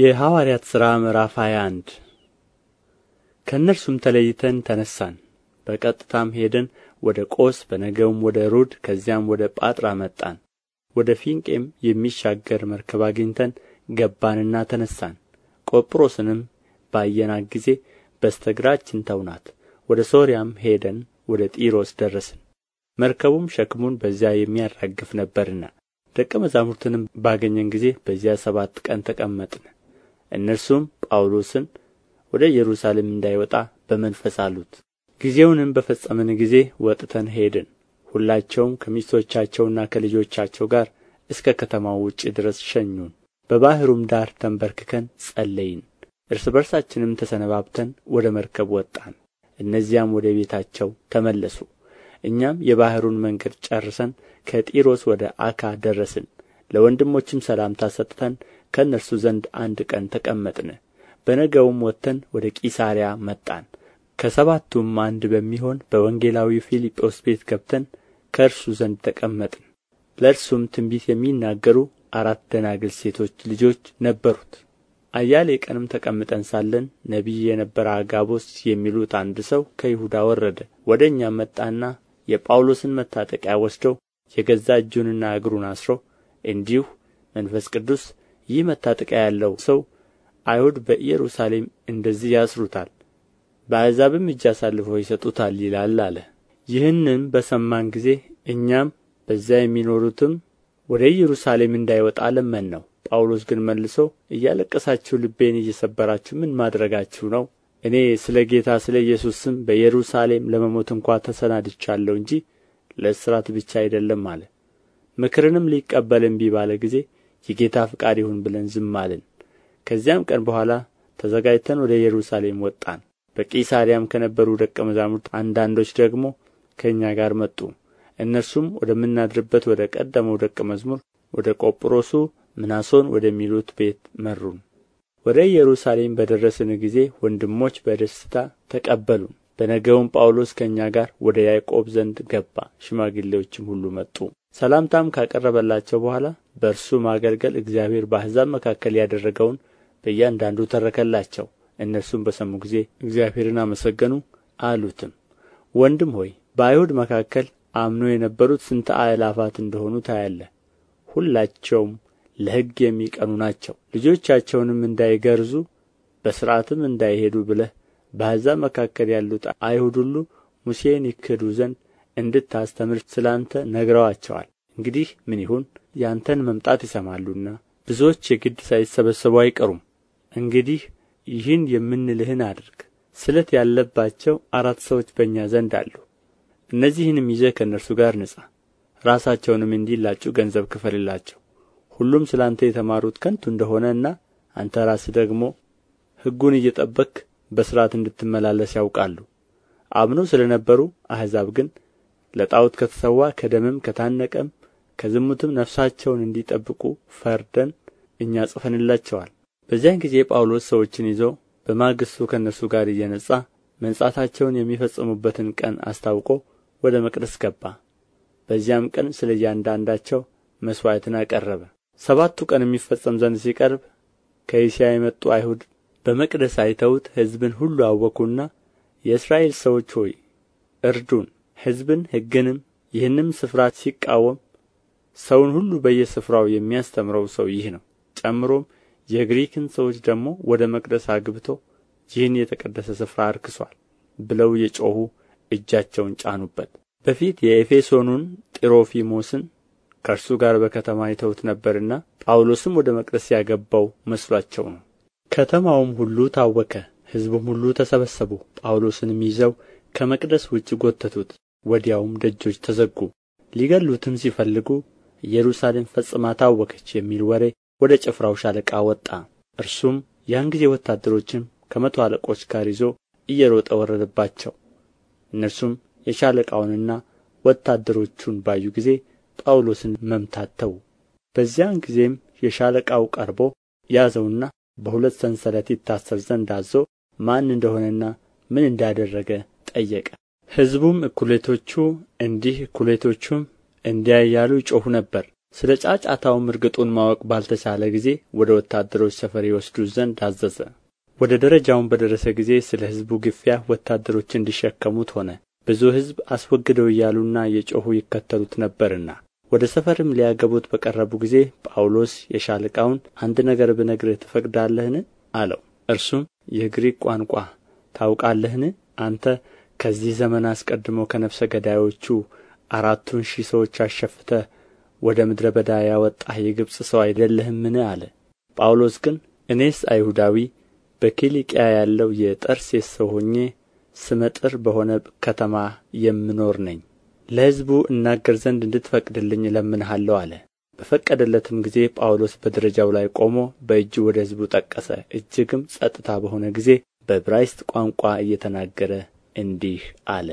የሐዋርያት ሥራ ምዕራፍ 21 ከእነርሱም ተለይተን ተነሳን በቀጥታም ሄደን ወደ ቆስ፣ በነገውም ወደ ሩድ፣ ከዚያም ወደ ጳጥራ መጣን። ወደ ፊንቄም የሚሻገር መርከብ አግኝተን ገባንና ተነሳን ቆጵሮስንም ባየናት ጊዜ በስተግራችን ተውናት። ወደ ሶርያም ሄደን ወደ ጢሮስ ደረስን። መርከቡም ሸክሙን በዚያ የሚያራግፍ ነበርና፣ ደቀ መዛሙርትንም ባገኘን ጊዜ በዚያ ሰባት ቀን ተቀመጥን። እነርሱም ጳውሎስን ወደ ኢየሩሳሌም እንዳይወጣ በመንፈስ አሉት ጊዜውንም በፈጸምን ጊዜ ወጥተን ሄድን ሁላቸውም ከሚስቶቻቸውና ከልጆቻቸው ጋር እስከ ከተማው ውጭ ድረስ ሸኙን በባሕሩም ዳር ተንበርክከን ጸለይን እርስ በርሳችንም ተሰነባብተን ወደ መርከብ ወጣን እነዚያም ወደ ቤታቸው ተመለሱ እኛም የባሕሩን መንገድ ጨርሰን ከጢሮስ ወደ አካ ደረስን ለወንድሞችም ሰላምታ ሰጥተን ከእነርሱ ዘንድ አንድ ቀን ተቀመጥን በነገውም ወጥተን ወደ ቂሳርያ መጣን ከሰባቱም አንድ በሚሆን በወንጌላዊው ፊልጶስ ቤት ገብተን ከእርሱ ዘንድ ተቀመጥን ለእርሱም ትንቢት የሚናገሩ አራት ደናግል ሴቶች ልጆች ነበሩት አያሌ ቀንም ተቀምጠን ሳለን ነቢይ የነበረ አጋቦስ የሚሉት አንድ ሰው ከይሁዳ ወረደ ወደ እኛም መጣና የጳውሎስን መታጠቂያ ወስዶ የገዛ እጁንና እግሩን አስሮ እንዲሁ መንፈስ ቅዱስ ይህ መታጠቂያ ያለው ሰው አይሁድ በኢየሩሳሌም እንደዚህ ያስሩታል በአሕዛብም እጅ አሳልፈው ይሰጡታል ይላል አለ ይህንም በሰማን ጊዜ እኛም በዚያ የሚኖሩትም ወደ ኢየሩሳሌም እንዳይወጣ ነው። ጳውሎስ ግን መልሶ እያለቀሳችሁ ልቤን እየሰበራችሁ ምን ማድረጋችሁ ነው እኔ ስለ ጌታ ስለ ኢየሱስ ስም በኢየሩሳሌም ለመሞት እንኳ ተሰናድቻለሁ እንጂ ለእስራት ብቻ አይደለም አለ ምክርንም ሊቀበል እምቢ ባለ ጊዜ የጌታ ፍቃድ ይሁን ብለን ዝም አልን ከዚያም ቀን በኋላ ተዘጋጅተን ወደ ኢየሩሳሌም ወጣን በቂሳርያም ከነበሩ ደቀ መዛሙርት አንዳንዶች ደግሞ ከእኛ ጋር መጡ እነርሱም ወደምናድርበት ወደ ቀደመው ደቀ መዝሙር ወደ ቆጵሮሱ ምናሶን ወደሚሉት ቤት መሩን ወደ ኢየሩሳሌም በደረስን ጊዜ ወንድሞች በደስታ ተቀበሉን በነገውም ጳውሎስ ከእኛ ጋር ወደ ያዕቆብ ዘንድ ገባ ሽማግሌዎችም ሁሉ መጡ ሰላምታም ካቀረበላቸው በኋላ በእርሱ ማገልገል እግዚአብሔር በአሕዛብ መካከል ያደረገውን በእያንዳንዱ ተረከላቸው እነርሱም በሰሙ ጊዜ እግዚአብሔርን አመሰገኑ አሉትም ወንድም ሆይ በአይሁድ መካከል አምኖ የነበሩት ስንት አእላፋት እንደሆኑ ታያለህ ሁላቸውም ለሕግ የሚቀኑ ናቸው ልጆቻቸውንም እንዳይገርዙ በሥርዓትም እንዳይሄዱ ብለህ በአሕዛብ መካከል ያሉት አይሁድ ሁሉ ሙሴን ይክዱ ዘንድ እንድታስተምር ስለ አንተ ነግረዋቸዋል እንግዲህ ምን ይሁን የአንተን መምጣት ይሰማሉና ብዙዎች የግድ ሳይሰበሰቡ አይቀሩም እንግዲህ ይህን የምንልህን አድርግ ስለት ያለባቸው አራት ሰዎች በእኛ ዘንድ አሉ እነዚህንም ይዘህ ከእነርሱ ጋር ንጻ ራሳቸውንም እንዲላጩ ገንዘብ ክፈልላቸው ሁሉም ስለ አንተ የተማሩት ከንቱ እንደሆነና አንተ ራስህ ደግሞ ሕጉን እየጠበክ በሥርዓት እንድትመላለስ ያውቃሉ አምነው ስለ ነበሩ አሕዛብ ግን ለጣዖት ከተሠዋ ከደምም ከታነቀም ከዝሙትም ነፍሳቸውን እንዲጠብቁ ፈርደን እኛ ጽፈንላቸዋል በዚያን ጊዜ ጳውሎስ ሰዎችን ይዞ በማግሥቱ ከእነርሱ ጋር እየነጻ መንጻታቸውን የሚፈጽሙበትን ቀን አስታውቆ ወደ መቅደስ ገባ። በዚያም ቀን ስለ እያንዳንዳቸው መሥዋዕትን አቀረበ። ሰባቱ ቀን የሚፈጸም ዘንድ ሲቀርብ ከእስያ የመጡ አይሁድ በመቅደስ አይተውት ሕዝብን ሁሉ አወኩና የእስራኤል ሰዎች ሆይ እርዱን፣ ሕዝብን ሕግንም ይህንም ስፍራ ሲቃወም ሰውን ሁሉ በየስፍራው የሚያስተምረው ሰው ይህ ነው ጨምሮም የግሪክን ሰዎች ደግሞ ወደ መቅደስ አግብቶ ይህን የተቀደሰ ስፍራ አርክሷል ብለው የጮኹ እጃቸውን ጫኑበት። በፊት የኤፌሶኑን ጢሮፊሞስን ከእርሱ ጋር በከተማ አይተውት ነበርና ጳውሎስም ወደ መቅደስ ያገባው መስሏቸው ነው። ከተማውም ሁሉ ታወከ፣ ሕዝቡም ሁሉ ተሰበሰቡ። ጳውሎስንም ይዘው ከመቅደስ ውጭ ጎተቱት፣ ወዲያውም ደጆች ተዘጉ። ሊገሉትም ሲፈልጉ ኢየሩሳሌም ፈጽማ ታወከች የሚል ወሬ ወደ ጭፍራው ሻለቃ ወጣ እርሱም ያን ጊዜ ወታደሮችን ከመቶ አለቆች ጋር ይዞ እየሮጠ ወረደባቸው እነርሱም የሻለቃውንና ወታደሮቹን ባዩ ጊዜ ጳውሎስን መምታት ተዉ በዚያን ጊዜም የሻለቃው ቀርቦ ያዘውና በሁለት ሰንሰለት ይታሰር ዘንድ አዞ ማን እንደሆነና ምን እንዳደረገ ጠየቀ ሕዝቡም እኩሌቶቹ እንዲህ እኩሌቶቹም እንዲያ እያሉ ይጮኹ ነበር ስለ ጫጫታውም እርግጡን ማወቅ ባልተቻለ ጊዜ ወደ ወታደሮች ሰፈር ይወስዱት ዘንድ አዘዘ ወደ ደረጃውም በደረሰ ጊዜ ስለ ሕዝቡ ግፊያ ወታደሮች እንዲሸከሙት ሆነ ብዙ ሕዝብ አስወግደው እያሉና የጮኹ ይከተሉት ነበርና ወደ ሰፈርም ሊያገቡት በቀረቡ ጊዜ ጳውሎስ የሻለቃውን አንድ ነገር ብነግርህ ትፈቅዳለህን አለው እርሱም የግሪክ ቋንቋ ታውቃለህን አንተ ከዚህ ዘመን አስቀድሞ ከነፍሰ ገዳዮቹ አራቱን ሺህ ሰዎች አሸፍተህ ወደ ምድረ በዳ ያወጣህ የግብፅ ሰው አይደለህምን አለ ጳውሎስ ግን እኔስ አይሁዳዊ በኪልቅያ ያለው የጠርሴስ ሰው ሆኜ ስመ ጥር በሆነ ከተማ የምኖር ነኝ ለሕዝቡ እናገር ዘንድ እንድትፈቅድልኝ እለምንሃለሁ አለ በፈቀደለትም ጊዜ ጳውሎስ በደረጃው ላይ ቆሞ በእጁ ወደ ሕዝቡ ጠቀሰ እጅግም ጸጥታ በሆነ ጊዜ በዕብራይስጥ ቋንቋ እየተናገረ እንዲህ አለ